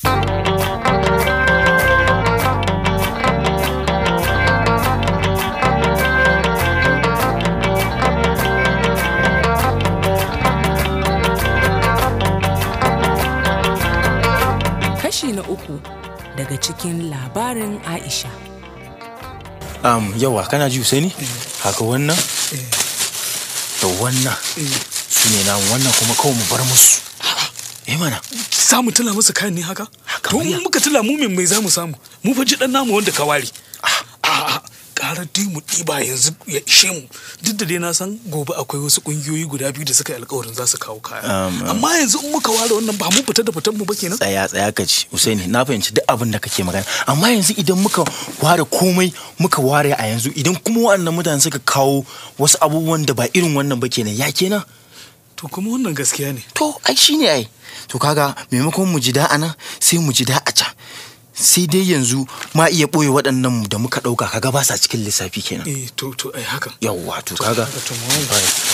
Kashi na uku daga cikin labarin Aisha. Um, yawa kana ji Usaini? Eh. Haka wannan? Da eh. wannan. Eh. Su ne nan wannan kuma kawai mu bar musu. eh mana samu tula masa kayan ne haka to in muka tula mu mai zamu samu mu fa ji dan namu wanda ka ware ah. a ƙara mu ɗiba yanzu ya ishe mu duk da dai na san gobe akwai wasu ƙungiyoyi guda biyu da suka yi alƙawarin za su kawo kaya amma yanzu in muka ware wannan ba mu fita da fitan mu ba kenan tsaya tsaya ka ci usaini na fahimci duk abin da kake magana amma yanzu idan muka ware komai muka ware a yanzu idan kuma waɗannan mutane suka kawo wasu abubuwan da ba irin wannan ba kenan ya kenan to kuma wannan gaskiya ne to ai shi ne ai to kaga maimakon mu ji da nan sai mu ji da a can sai dai yanzu ma iya ɓoye waɗannan da muka ɗauka kaga ba sa cikin lissafi kenan eh to to ai haka yawwa to kaga to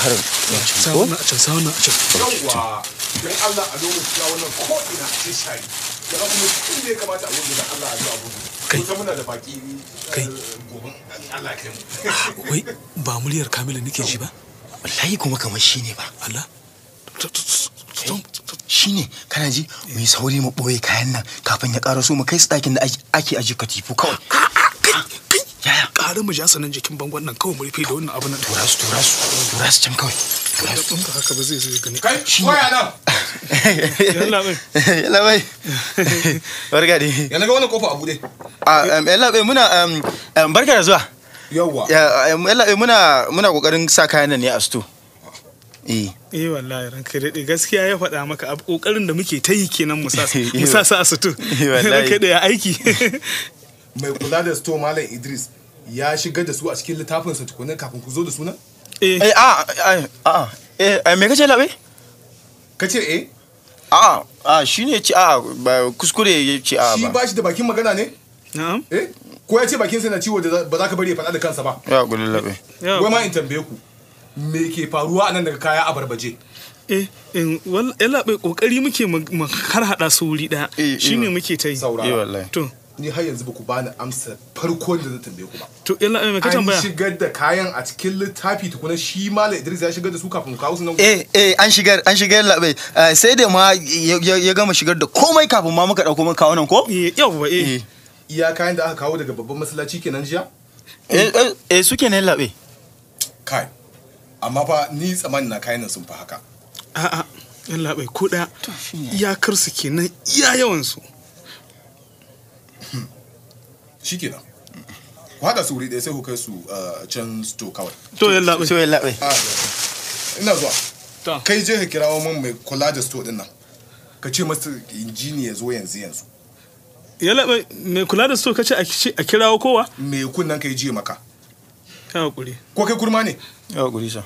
harin sauna a can sauna a can yawwa dan Allah a dogo ya wannan ko ina ce shari kaga kuma in da ya kamata a wuce da Allah a zuwa gudu kai kuma muna da baki eh, kai gobe Allah kai mu ah, wai ba muryar Kamilu nake ji ba wallahi kuma kamar shi ne ba Allah shine kana ji mu yi sauri mu ɓoye kayan nan kafin ya ƙara su mu kai su ɗakin da ake aji katifu kawai ƙara mu ja sanan jikin bangon nan kawai mu rufe da wannan abin nan tura su tura su tura su can kawai tura muna barka da zuwa yawwa muna muna kokarin sa kayan nan ne a sto eh eh wallahi ranka daɗe gaskiya ya faɗa maka a kokarin da muke ta yi kenan musa sa sa su tu eh, ranka da ya aiki mai kula da store malam Idris ya shiga da su a cikin littafin sa tukunan kafin ku zo da sunan eh a a a me kace labe kace eh a ah, a ah, shine ci a ah, kuskure ya ci a ba shi ba shi da bakin magana ne na'am eh ko ya ce bakin sa na ciwo da ba za ka bari ya faɗa da kansa ba ya gudullabe wai ma in tambaye ku me ke faruwa nan daga kaya a barbaje eh in labai kokari muke mu har hada su wuri daya eh, eh. shine muke ta yi eh, to ni har yanzu baku bani amsa farko da zan tambaye ku ba to illa mai ka tambaya an shigar da kayan a cikin littafi kuma shi malam Idris ya shigar da su kafin kawo su nan eh eh an shigar an shigar labai sai da ma ya gama shigar da komai kafin ma muka dauko muka kawo nan ko eh yawa eh iya kayan da aka kawo daga babban masallaci kenan jiya eh eh suke ne labai kai amma fa ni tsammanin na kayan sun fi haka a'a Allah ko kuɗa iyakar su kenan iya yawan su shikenan ku haɗa su wuri ɗaya sai ku kai su eh, can sto kawai to yan labai to yan labai ah, ina zuwa kai je ka kirawo min mai kula da sto ɗin nan ka ce masa injini ya zo yanzu yanzu yalla mai kula da sto ka ce a kirawo kowa me kunnan kai je maka hakuri ko kai kurma ne hakuri sa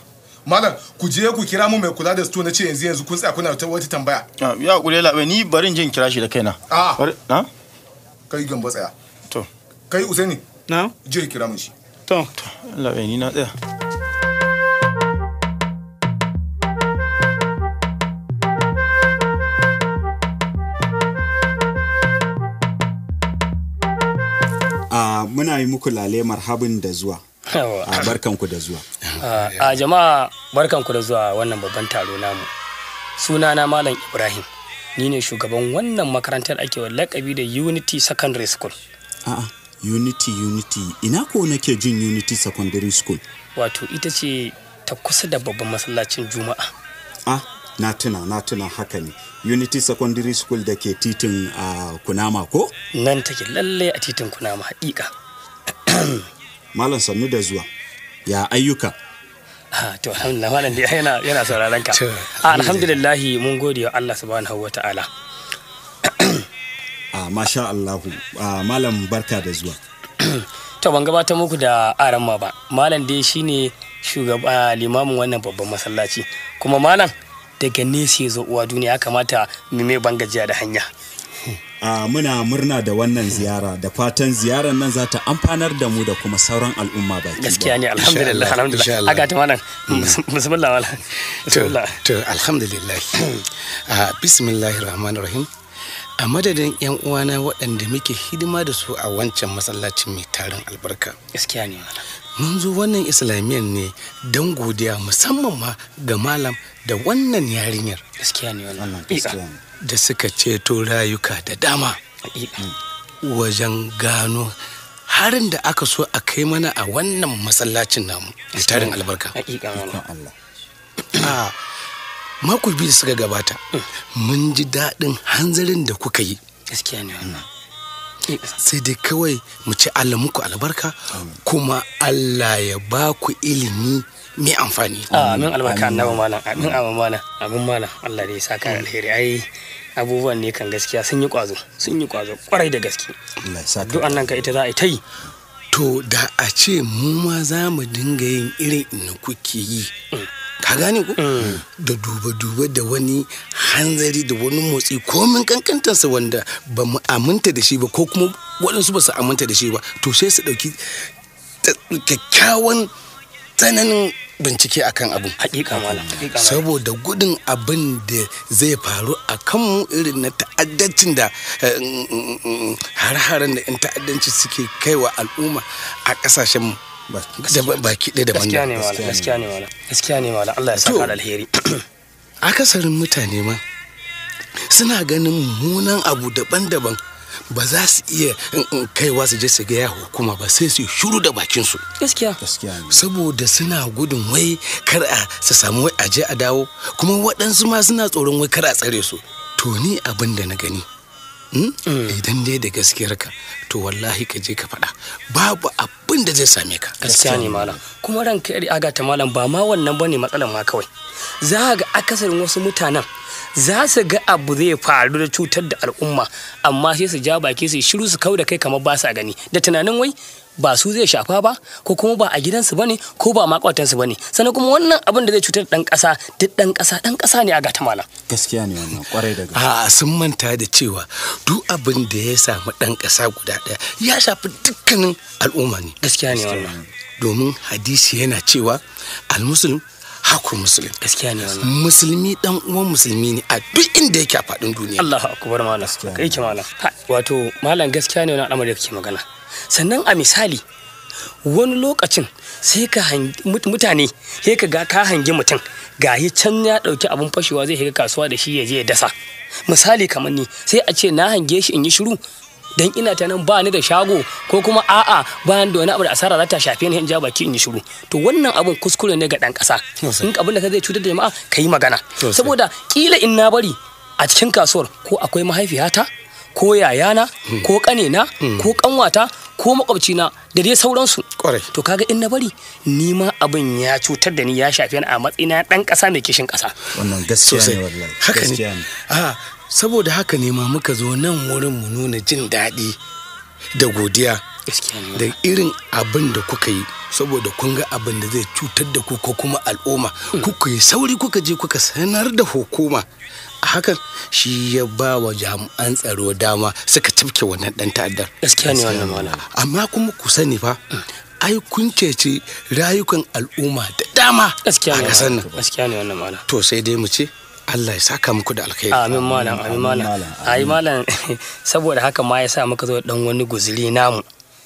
malam ku je ku kira mu mai kula da sto na ce yanzu yanzu kun tsaya kuna wata tambaya ya hakuri labai ni barin jin kira shi da kaina ah. a a kai gamba tsaya to kai usaini na je kira mun shi to labai ni na tsaya ah, muna yi muku lale marhabin da zuwa Ah, barkanku da zuwa a ah, ah, jama'a barkanku da zuwa wannan babban taro namu sunana malam ibrahim ni ne shugaban wannan makarantar ake wa lakabi da unity secondary school a'a unity unity ina ko nake jin unity secondary school wato ita ce ta kusa da babban masallacin juma'a a na tuna na tuna haka ne unity secondary school da ke titin a kunama ko nan take lalle a titin kunama haƙiƙa malam sannu da zuwa ya ayyuka ah, to alhamdulillah malam dai yana yana sauraron ka ah, alhamdulillah mun gode wa Allah subhanahu wataala a ah, masha Allah malam barka da zuwa to ban gabatar muku da aramma ba malam dai shine shugaba limamin wannan babban masallaci kuma malam daga nesa ya zo uwa duniya kamata mai mai bangajiya da hanya Uh, muna murna da wannan ziyara da fatan ziyarar nan za ta amfanar da mu da kuma sauran al'umma ba. gaskiya ne alhamdulillah alhamdulillah aka ta malam hmm. bismillah wala to to alhamdulillah bismillahir rahmanir rahim a madadin yan uwana waɗanda muke hidima da su a wancan masallacin mai tarin albarka gaskiya ne mun zo wannan islamiyyar ne don godiya musamman ma ga malam da wannan yarinyar gaskiya ne wannan gaskiya da suka ceto rayuka da dama wajen gano harin da aka so a kai mana a wannan masallacin namu da tarin albarka mako biyu da suka gabata mm. mun ji daɗin hanzarin da kuka yi sai dai kawai mu ci Allah muku albarka kuma Allah ya ba ku ilimi mai amfani amin albarka annabi malam amin amin malam amin malam Allah ne ya saka alheri ai abubuwan ne kan gaskiya sun yi kwazo sun yi kwazo kwarai da gaske duk annan ka ita za a yi ta yi to da a ce mu ma za mu dinga yin irin na kuke yi mm. ka gane ko mm. da duba-duba da wani hanzari da wani motsi komin kankantarsa wanda ba mu aminta da shi ba ko kuma waɗansu ba su aminta da shi ba to sai su ɗauki kyakkyawan tsananin bincike akan abin hakika malam saboda gudun abin da zai faru a kan mu irin na ta'addancin da eh, mm, mm, har-haren da 'yan ta'addanci suke kaiwa al'umma a ƙasashen mu. baki daban gaskiya ne wala gaskiya ne wala Allah ya saka da alheri akasarin mutane ma suna ganin mummunan abu daban-daban ba za su iya kaiwa su je su ga ya hukuma ba sai su shuru da bakin su gaskiya saboda suna gudun wai kar a su samu wai aje a dawo kuma waɗansu ma suna tsoron wai kar a tsare su to ni abin da na gani hmm? mm. idan dai da gaskiyarka to wallahi ka je ka faɗa babu abin da zai same ka gaskiya ne malam kuma ran ka aga ta malam ba ma wannan bane matsalan ma kawai za ga akasarin wasu mutanen za su ga abu zai faru da cutar da al'umma amma sai su ja baki su shiru su kau da kai kamar ba sa gani da tunanin wai ba su zai shafa ba ko kuma ba a gidansu bane ko ba makwatansu bane sannan kuma wannan abin da zai cutar da dan kasa duk dan kasa dan kasa ne a gatamala gaskiya ne wannan kwarai da gaske a sun manta da cewa duk abin da ya samu dan kasa guda daya ya shafi dukkanin al'umma ne gaskiya ne wannan domin hadisi yana cewa almuslim haku musulun gaskiya ne wannan musulmi dan uwan musulmi ne a duk inda yake a fadin duniya Allahu akbar malam kai ki malam wato malam gaskiya ne wannan al'amari da kake magana sannan a misali wani lokacin sai ka mutane sai ka ga ka hangi mutum ga yi can ya ɗauki abin fashewa zai shiga kasuwa da shi ya je ya dasa misali kamar ni sai a ce na hange shi in yi shiru dan ina ta nan ba ni da shago ko kuma a'a ba ni da wani abu da asara za ta shafe ni in ja baki in yi shiru to wannan abun kuskure ne ga dan kasa in abin da ka zai cutar da jama'a ka yi magana saboda kila in na bari a cikin kasuwar ko akwai mahaifiyata ko yayana ko kanena ko kanwata ko makwabcina da dai sauransu to kaga in na bari ni ma abin ya cutar da ni ya shafi a matsayina dan kasa mai kishin kasa wannan gaskiya ne wallahi haka ne ah, saboda haka ne ma muka zo nan wurin mu nuna jin daɗi da godiya da irin abin da kuka yi saboda kun ga abin da zai cutar da ku ko kuma al'umma hmm. kuka yi sauri kuka je kuka sanar da hukuma hakan shi ya ba wa jami'an tsaro dama suka tafke wannan dan ta'addar gaskiya ne wannan wala amma kuma ku sani fa mm. ai kun cece rayukan al'umma da dama gaskiya ne wannan gaskiya ne wannan wala to sai dai mu ce Allah ya saka muku da alkhairi amin malam amin malam ai malam saboda haka ma ya sa muka zo dan wani guzuri namu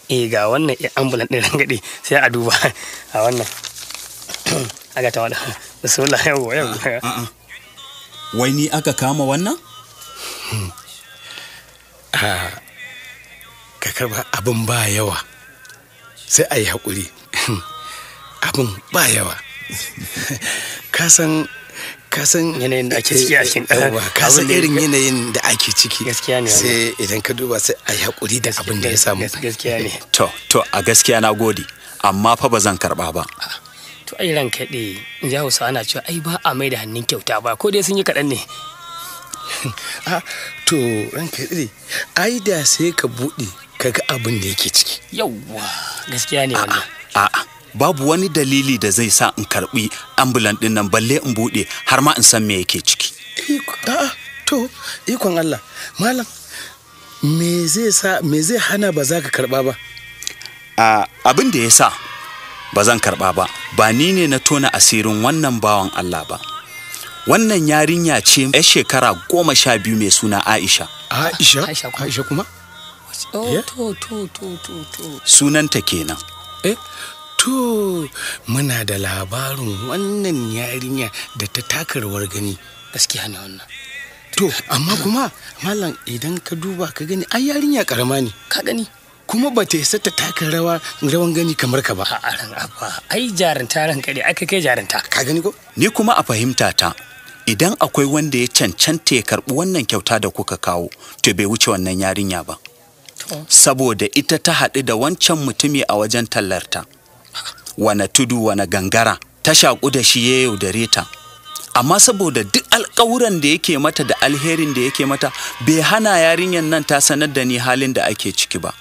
eh ga wannan ambulan din rangade sai a duba a wannan aga ta wannan bismillah yawo yawo wai ni aka kama wannan? Hmm. Ah, ka karba abin ba yawa sai a yi haƙuri hmm. abin ba yawa kasan kasan yanayin da ake ciki a cikin kasan irin yanayin da ake ciki gaskiya ne sai idan ka duba sai a yi haƙuri da abin da ya samu gaskiya ne to to a gaskiya na gode amma fa ba zan karɓa ba to ai ran kaɗe in ji hausa ana cewa ai ba a mai da hannun kyauta ba ko dai sun yi kaɗan ne a ah, to ran kaɗe ai da sai ka buɗe ga abin da yake ciki yawwa gaskiya ne wannan a'a babu wani dalili da zai sa in karɓi ambulan din nan balle in buɗe, har ma in san me yake ciki a'a to ikon Allah malam me zai sa me zai hana ba za ka karɓa ba ah, abin da ya sa ba zan karɓa ba ba ni ne na tona asirin wannan bawan Allah ba wannan yarinya ce 'yar shekara goma sha biyu mai suna Aisha Aisha Aisha kuma oh, to to to to to sunanta kenan eh to muna da labarin wannan yarinya da ta takarwar gani gaskiya na wannan to amma kuma malam idan ka duba ka gani ai yarinya karama ne ka gani kuma ba ta isa ta taka rawa rawan gani kamar ka ba ai jarinta ran kare aka kai jarinta ka gani ko ni kuma a fahimta ta idan akwai wanda ya cancanta ya karbi wannan kyauta da kuka kawo to bai wuce wannan yarinya ba saboda ita ta haɗu da wancan mutumi a wajen tallarta wane tudu wane gangara ta shaƙu da shi ya yaudare ta amma saboda duk alƙawuran da yake mata da alherin da yake mata bai hana yarinyar nan ta sanar da ni halin da ake ciki ba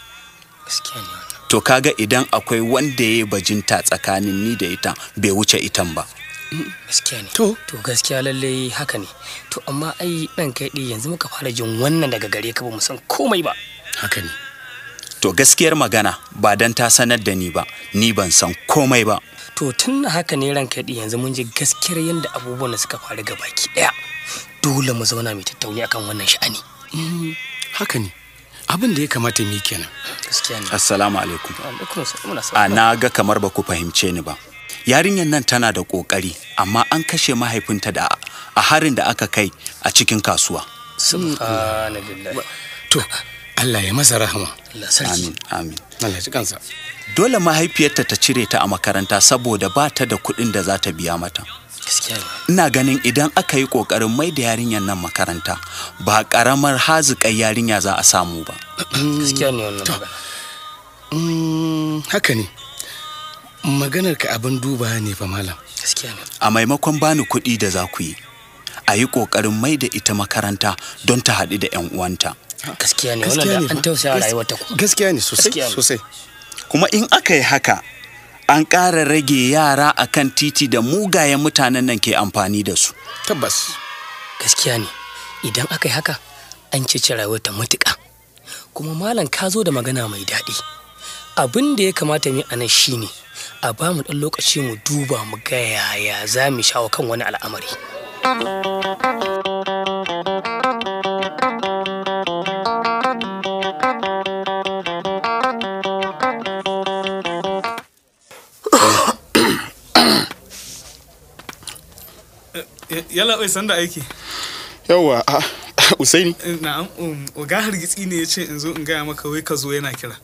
to kaga idan akwai wanda ya bajinta tsakanin ni da ita bai wuce itan ba mm, to to gaskiya lalle haka ne to amma ai dan kai yanzu muka fara jin wannan daga gare ka ba mu san komai ba haka ne to gaskiyar magana ba dan ta sanar da ni ba ni ban san komai ba to tun haka ne ran kai yanzu mun ji gaskiyar yadda abubuwan da suka faru gaba ki daya dole mu zauna mu tattauni akan wannan sha'ani mm, haka ne abin da ya kamata mu kenan assalamu alaikum a na ga kamar ba ku fahimce ni ba yarinyar nan tana da kokari amma an kashe mahaifinta da a harin da aka kai a cikin kasuwa to Allah ya masa rahama amin amin dole mahaifiyarta ta cire ta a makaranta saboda ba ta da kuɗin da za ta biya mata Ina ganin idan aka yi ƙoƙarin mai da yarinyar nan makaranta ba ƙaramar haziƙar yarinya za a samu ba. Mm. Gaskiya ne wannan mm, Haka ne. Maganar ka abin duba ne fa malam. Gaskiya ne. A maimakon bani kuɗi da za ku yi. A yi ƙoƙarin mai da ita makaranta don ta haɗu da 'yan uwanta. Gaskiya ne wannan da an tausaya rayuwar ta ku. Gaskiya ne sosai sosai. Kuma in aka yi haka an ƙara rage yara a kan titi da mugayen mutanen nan ke amfani da su. Tabbas. Gaskiya ne, idan aka yi haka an cece wata matuƙa. Kuma malam ka zo da magana mai daɗi. Abin da ya kamata mu anan shi ne, a ba mu ɗan lokaci mu duba mu ga yaya za mu shawo kan wani al'amari. yalla oi sanda aiki yawa a usaini na'am um, oga hargitsi ne ya ce in zo in gaya maka wai ka zo yana kira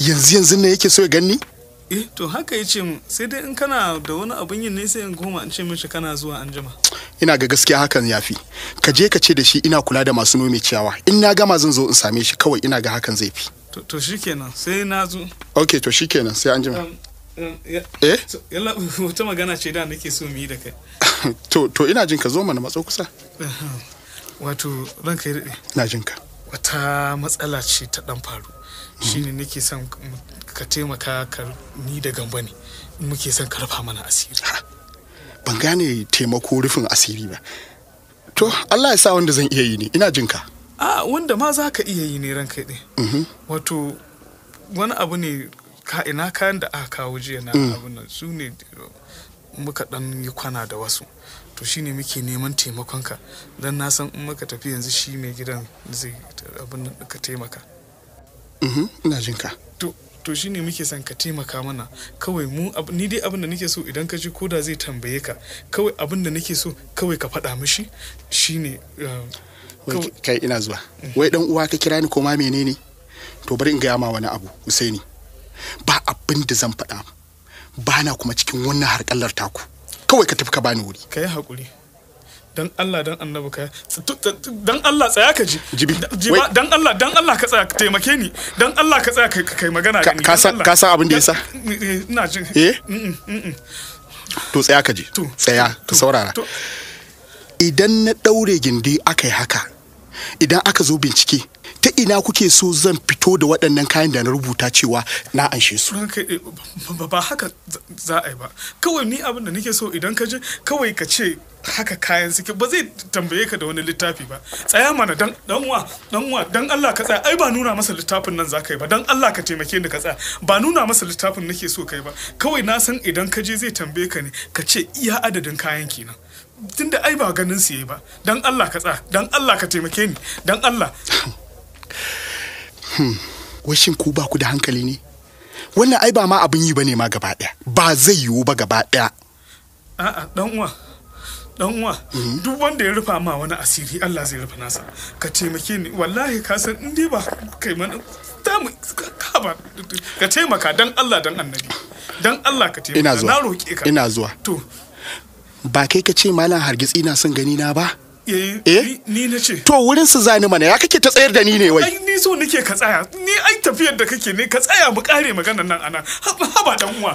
yanzu yanzu ne yake so ya ganni eh to haka ya ce mu sai dai in kana da wani abun yin ne sai in goma in ce mishi kana zuwa an jima ina ga gaskiya hakan yafi ka je ka ce da shi ina kula da masu nome ciyawa in na gama zan zo in same shi kawai ina ga hakan zai fi to shikenan sai na zo okay to shikenan sai an jima um, um, eh yalla wata magana ce da nake so mu yi da kai to to ina jin ka zo mana matso kusa wato ranka yi na jin ka wata matsala ce ta dan faru shine nake son ka taimaka ka ni da gamba ne muke son ka rufa mana asiri ban gane taimako rufin asiri ba to Allah ya sa wanda zan iya yi ne ina jin ka a wanda ma za ka iya yi ne ranka ɗaya mm-hmm. wato wani abu ne ka ina kayan da aka kawo jiya na mm. abun nan su ne muka dan yi kwana da wasu to shine muke neman taimakonka don na san in muka tafi yanzu shi mai gidan zai abin ka taimaka mhm, ina jin ka to shine muke son ka taimaka mana kawai mu ni dai abin da nake so idan ka ji koda zai tambaye ka kawai abin da nake so kawai ka faɗa mishi shine eh, kai ina zuwa mm. wai dan uwa ka kira ni ko ma menene to bari in gaya ma wani abu Usaini ba abin da zan faɗa bana kuma cikin wannan harkallar taku kawai ka tafi ka bani wuri kai hakuri dan Allah dan annabi ka dan Allah tsaya ka ji jibi dan Allah dan Allah ka tsaya ka taimake ni dan Allah ka tsaya kai magana da ni ka san ka san abin da yasa eh, eh, ina jin eh mm, mm, mm, to tsaya ka ji tsaya ka saurara idan na daure gindi aka yi haka idan aka zo bincike ta ina kuke so zan fito da waɗannan kayan da na rubuta cewa na anshe su eh, ba haka za a yi ba kawai ni abin da nake so idan ka je kawai ka ce haka kayan suke ba zai tambaye ka da wani littafi ba tsaya mana dan danwa danwa dan Allah ka tsaya ai ba nuna masa littafin nan ka yi ba dan Allah ka taimake ni ka tsaya ba nuna masa littafin nake so kai ba kawai na san idan ka je zai tambaye ka ne ka ce iya adadin kayan kenan tunda ai ba ganin su yayi ba dan Allah ka tsaya dan Allah ka taimake ni dan Allah hmm. ku ba ku da hankali ne wannan ai ba ma abin yi bane ma gaba daya ba zai yiwu ba gaba daya a'a dan uwa dan uwa hmm. duk wanda ya rufa ma wani asiri Allah zai rufa nasa ka taimake ni wallahi ka san in ba kai mana ta mu ka ba ka taimaka dan Allah dan annabi dan Allah ka taimaka na roƙe ka ina zuwa to ba kai ka ce malam hargitsi na son gani na ba eh, eh? ni na ce to wurin su zani mana ya kake ta tsayar da ni ne wai ai ni so nake ka tsaya ni ai tafiyar da kake ne ka tsaya mu kare maganar nan ana. haba dan uwa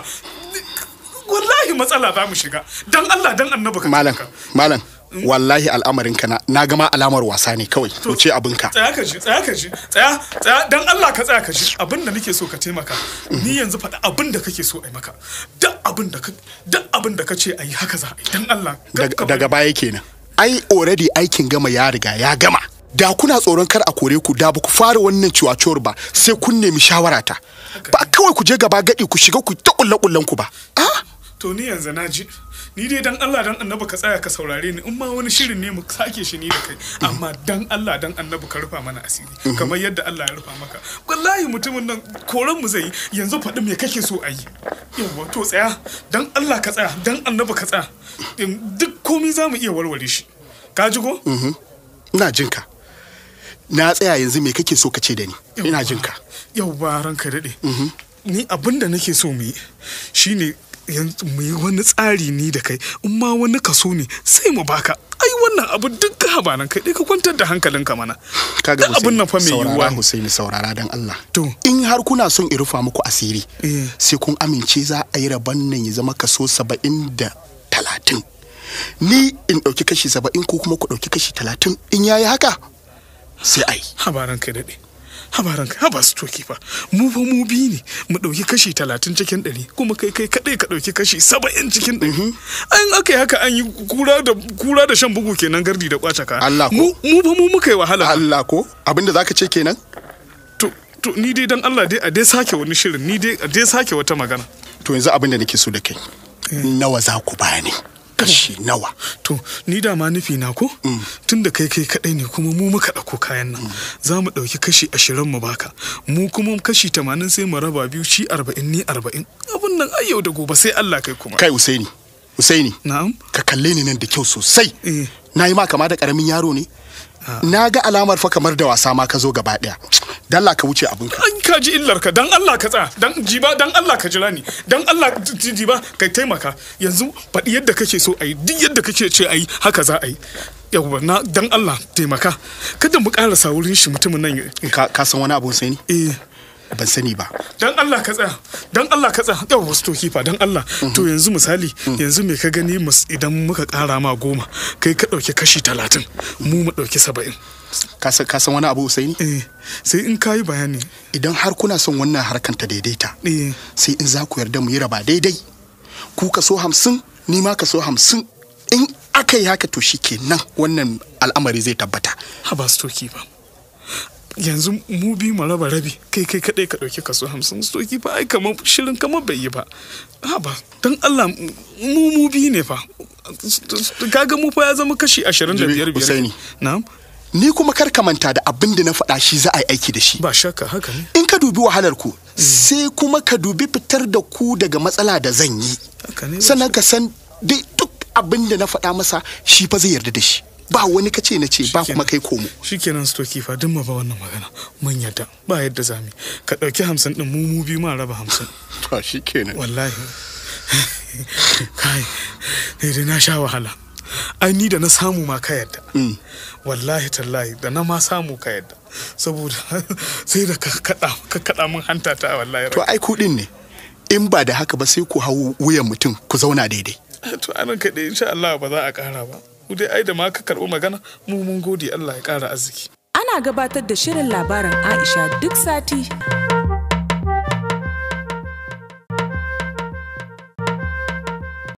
wallahi matsala za mu shiga dan Allah dan annabi ka malam malam hmm? wallahi al'amarin ka na gama alamar wasa ne kawai to ce abin ka tsaya ka ji tsaya ka ji tsaya tsaya dan Allah ka tsaya ka ji abin da nake so ka taimaka hmm. ni yanzu faɗa abin da kake so ai maka duk abin da ka duk abin da kace ai haka za a yi dan Allah daga baya kenan ai already aikin gama ya riga ya gama da kuna tsoron kar a kore ku da ba ku fara wannan ciwaciwar ba sai kun nemi shawara ta ba kawai ku je gaba gadi ku shiga ku ta kullen ku ba ah to ni yanzu na ji ni dai dan Allah dan annabi ka tsaya ka saurare ni in ma wani shirin ne mu sake shi ni da kai amma dan Allah dan annabi ka rufa mana asiri mhm. kamar yadda Allah ya rufa maka wallahi mutumin nan koran mu zai yanzu faɗi me kake so a yi yawa to tsaya dan Allah ka tsaya dan annabi ka tsaya duk komai za mu iya warware shi ka ji ko mhm. ina jin ka na tsaya yanzu me kake so ka ce da ni ina jin ka yau ba ranka dade mhm. ni abin da nake so mu yi shine yanzu mu yi wani tsari ni da kai in ma wani kaso ne sai mu baka ai wannan abu duk ka ba nan ka kwantar da hankalinka mana kaga abin nan fa mai yiwuwa ne Husaini saurara dan Allah to in har kuna son i rufa muku asiri eh. sai kun amince za a yi rabon nan ya zama kaso saba'in da talatin ni in dauki kashi saba'in ko kuma ku dauki kashi talatin in yayi haka sai ai habaran kai daɗe ka haba su toki fa mu fa mu bi ne mu dauki kashi talatin cikin 100 kuma kai kai kadai ka dauki kashi saba'in cikin 100 mhm. an aka haka an yi kura da kura da shan bugu kenan gardi da kwace ka Allah ko mu fa mu muka yi wahala Allah ko abinda zaka ce kenan to to ni dai dan Allah dai a dai sake wani shirin ni dai a dai sake wata magana to yanzu abinda nake so da kai eh. nawa za ku bani kashi nawa to ni da ma nufi na ko mm. tun da kai kai kadai ne kuma mu muka dauko kayan nan mm. za mu ɗauki kashi ashirin mu baka mu kuma kashi tamanin sai mu raba biyu shi arba'in ni arba'in abun nan ai yau da gobe sai Allah kai kuma kai Usaini Usaini na'am ka kalle ni nan da kyau sosai eh. na yi ma kama da karamin yaro ne na ga alamar fa kamar da wasa ma ka zo gaba daya dalla ka wuce ka an ka ji illar ka dan Allah ka tsaya dan jiba dan Allah ka jira ni dan Allah ba kai taimaka yanzu faɗi yadda kake so ayi duk yadda kake ce ayi haka za a yi yawwa na dan Allah taimaka kada mu ƙarasa wurin shi mutumin nan ka san wani abun sai ni eh ban sani ba dan Allah ka tsaya dan Allah ka tsaya yawa wasu tokifa dan Allah mhm. to yanzu misali mhm. yanzu me ka gani idan muka kara ma goma kai ka dauki kashi talatin mu mu dauki saba'in ka san wani abu usaini eh sai in yi bayani idan har kuna son wannan harkan ta daidaita eh sai in za ku yarda mu yi raba daidai ku kaso hamsin ni ma kaso hamsin in aka yi haka to shi kenan wannan al'amari zai tabbata ha ba su toki ba yanzu mu bi mu raba rabi kai kai kadai ka dauki kaso hamsin soki fa ai kamar shirin kamar bai yi ba ha ba dan Allah mu mu bi ne fa kaga mu fa ya zama kashi 25 biyar na'am ni kuma kar ka manta da abin da na faɗa shi za a yi aiki da shi ba shakka haka ne in ka dubi wahalar ku mm. sai kuma ka dubi fitar da ku daga matsala da zan yi sannan ka san duk abin da na faɗa masa shi fa zai yarda da shi ba wani kace na ce ba kuma kai komo shikenan stoki fa duk ba wannan magana mun yadda ba yadda zamu ka dauki 50 din mu mu bi ma raba 50 to shikenan wallahi kai dai na sha wahala ai ni da na samu ma ka yadda mm. wallahi tallahi da na ma samu ka yadda saboda sai da ka kada mun hanta ta wallahi to ai din ne in ba da haka ba sai ku hau wuyan mutum ku zauna daidai to anan kaɗai insha Allah ba za a kara ba ku dai ai da ma ka karɓi magana mu mun gode Allah ya ƙara arziki ana gabatar da shirin labarin Aisha duk sati